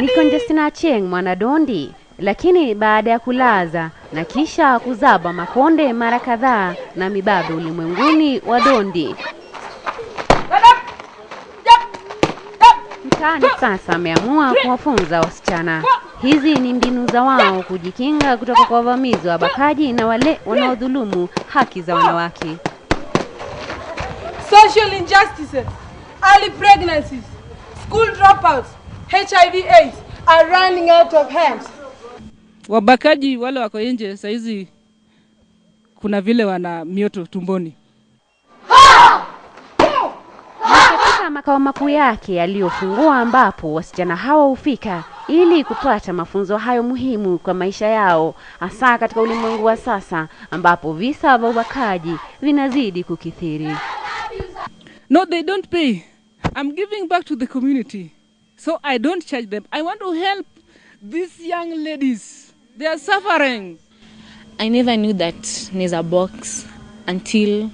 ni Conjestina Achieng mwanadondi, lakini baada ya kulaza na kisha kuzaba makonde mara kadhaa na mibabe ulimwenguni wa dondi mtaani, sasa ameamua kuwafunza wasichana. Hizi ni mbinu za wao kujikinga kutoka kwa wavamizi wa bakaji na wale wanaodhulumu haki za wanawake. Social injustices, early pregnancies, school dropouts HIV AIDS are running out of hands. Wabakaji wale wako nje hizi, kuna vile wana mioto tumboni. Katika makao makuu yake yaliyofungua, ambapo wasichana hawa hufika ili kupata mafunzo hayo muhimu kwa maisha yao, hasa katika ulimwengu wa sasa ambapo visa vya ubakaji vinazidi kukithiri. No, they don't pay. I'm giving back to the community. So I don't charge them. I want to help these young ladies. They are suffering. I never knew that there's a box until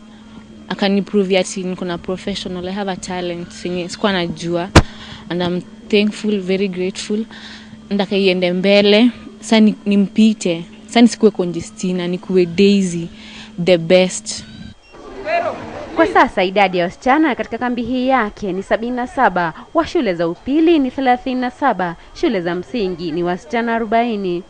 I can akaniprove ati niko a professional. I have a talent yenye sikuwa najua and I'm thankful, very grateful. Nataka iende mbele, sa nimpite, sa nisikuwe Conjestina, nikuwe Daisy the best. Kwa sasa idadi ya wasichana katika kambi hii yake ni sabini na saba, wa shule za upili ni thelathini na saba, shule za msingi ni wasichana arobaini.